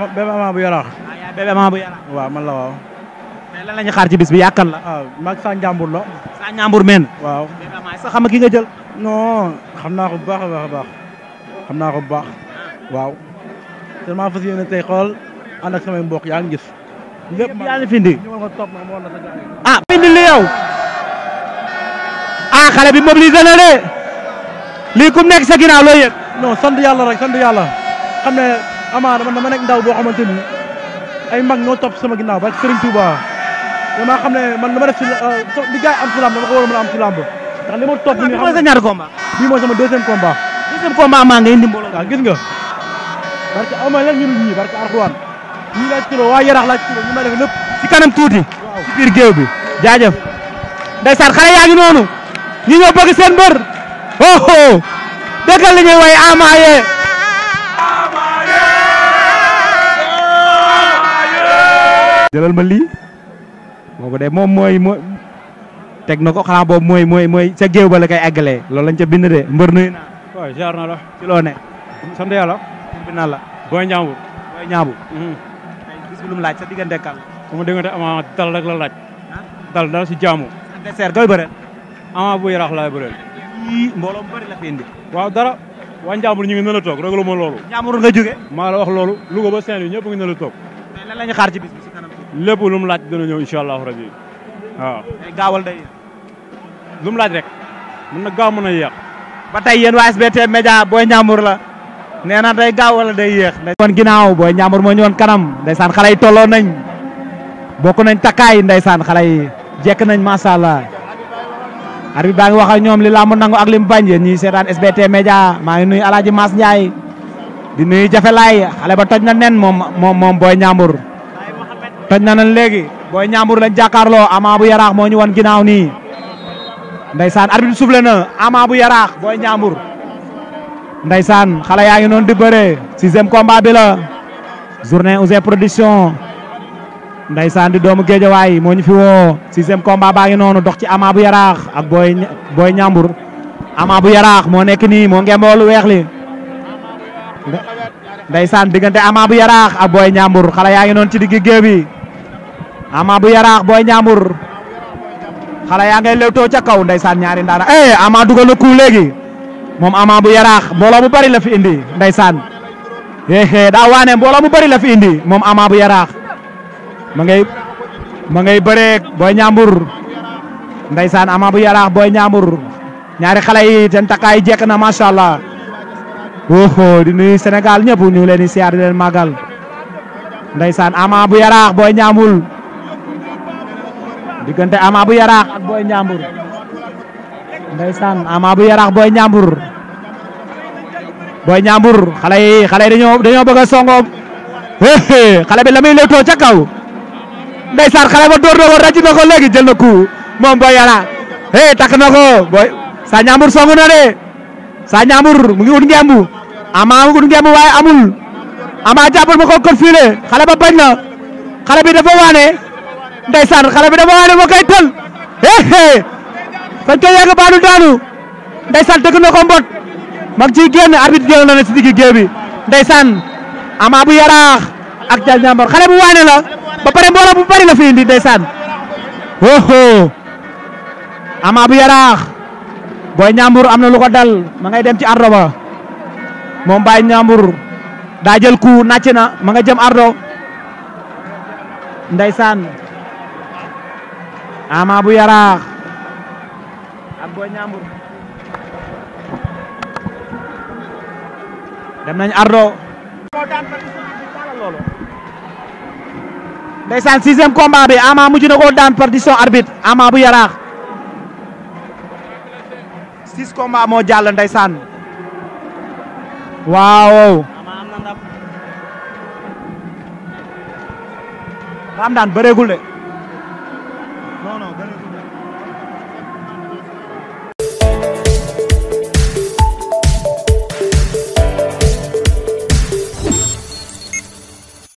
ama bébé ama bu yaraax. waaw ah, yaa bébé ama bu yaraax. waaw man la waaw. mais lan la ñu xaar ci bis bi yaakaar la. waaw ah, mag saa njàmbur la. saa njàmbur meen. waaw bébé ama sax xam nga ki nga jël. non xam naa ko bu baax a baax a baax xam naa ko bu baax ah. waaw. te maa fas yéene tey xool ànd ak samay mbokk yaa ngi gis. lépp yaa ngi fi indi. ah indi li yow. ah xale bi mobilisé na de. lii ku nekk sa ginnaaw looy yëg. non sant yàlla rek sant yàlla xam ne. amaana man dama nekk ndaw boo xamante ni ay mag ñoo topp sama ginnaaw ba Serigne Touba damaa xam ne man dama def si euh, li gars yi am si a a sa ñaari combat bii mooy sama deuxième combat deuxième combat maa nga indi mbooloo waaw gis nga parce que ama lan ñu dul ñii parce que Alxuraan ñii laaj kilo waa Yarax laaj kilo ñu ma def lépp ci kanam tuuti ci biir géew bi jaajëf ndeysaan xale yaa ngi noonu ñi ñoo bëgg seen mbër oh oh dëggal li ñuy way jëlal ma lii kooku de moom mooy mooy teg na ko xanaa boobu mooy mooy mooy sa géew ba la koy eggalee loolu lañ ca bind de mbër nuyu naa. waaw jaar na la. ci loo ne. sant yàlla. bi naa la. booy ñaambur. booy ñaambur. Mm-hmm. tey gis lu mu laaj sa diggante kan. su ma déggante ama dal rek la laaj. dal dal si jaamu. adversaire koy bëreel. ama bu yaraax laay bëreel. yii mbooloo mu bëri la fi indi. waaw dara. waa Njàmbur ñu ngi ne la toog ragalu ma loolu. Njàmbur nga jóge. maa la wax loolu Louga ba Saint-Louis ñëpp ngi ne la toog. mais lan la ñu xaar ci bis bi si kanam. lépp lu mu laaj dana ñëw incha allahu rabi waaw. day gaawal laaj rek mën na gaaw mën a yéex. ba tey yéen waa SBT Média booy Ndiambour la nee na day gaaw wala day yéex. woon ginnaaw Boy Ndiambour moo ñu woon kanam ndeysaan xale yi tolloo nañ bokk nañ takkaay ndeysaan xale yi jekk nañ macha allah. arbitre baa ngi wax ak ñoom li làmb nangu ak li mu bañ ñii seetaan SBT Média maa ngi nuyu El Hadj Mas Ndiaye di nuyu Jafe xale ba toj na nen moom moom moom Boy toj na nan léegi booy ñaambur lañ jàkkaarloo ama bu yaraax moo ñu wan ginnaaw nii ndeysaan arbitre soufflé na ama bu yaraax booy ñaambur ndeysaan xale yaa ngi noonu di bëree sixième combat bi la journée Ouzin production ndeysaan di doomu géejawaay moo ñu fi woo sixième combat baa ngi noonu dox ci amaa bu yaraax ak booy booy ñaambur ama bu yaraax moo nekk nii moo ngemboo weex li ndeysaan diggante ama bu yaraax ak booy ñaambur xale ngi noonu ama bu yaraax booy ñaamur xale yaa ngay lewtoo ca kaw ndeysaan ñaari ndaana eh ama dugal na ku léegi moom ama bu yaraax mbooloo mu bari la fi indi ndeysaan eh, eh daa waane mbooloo mu bari la fi indi moom ama bu yaraax ma ngay ma ngay bëree booy ñaamur ndeysaan ama bu yaraax booy ñaamur ñaari xale yi ten jekk na macha allah oh di nuy Sénégal ñëpp ñu leen di siyaar di leen bu yaraax booy ñaamul. diggante Ama bu Yaraax ak Boy Ndiambour ndeysaan Ama bu Yaraax Boy Ndiambour Boy Ndiambour xale yi xale yi dañoo dañoo bëgg a songoom xale bi la muy lewtoo ca kaw ndeysaan xale ba door na woon ràcc na ko moom Boy Yaraax eh takk na ko Boy Sa na de Sa Ndiambour mu ngi ut ngembu Ama mu ngembu waaye amul Ama jàppal ma ko kër fii xale ba bañ na xale bi dafa waane. ndeysaan xale bi dama waane ma koy tël éé eh, fañ eh. koy yegg baanu daanu ndeysaan dëgg na ko mbot mag ciy génn arbitre génn na ne si digg géew bi ndeysaan ama bu yaraax ak jal ñambar xale bu waane la ba pare mbooloo bu bari la fi indi ndeysaan oho bu yaraax booy ñambur am na lu ko dal ma ngay dem ci ardo ba moom bàyyi ñambur daa jël ku nàcc na ma nga jem ardo ndeysaan Ama bu Yaraax ak Boy Ñambur dem nañ ardo ndeysaan sixième combat bi Ama mujj na daan par décision arbitre bu Yaraax six combat moo jàll ndeysaan waaw Ramdan bëreegul de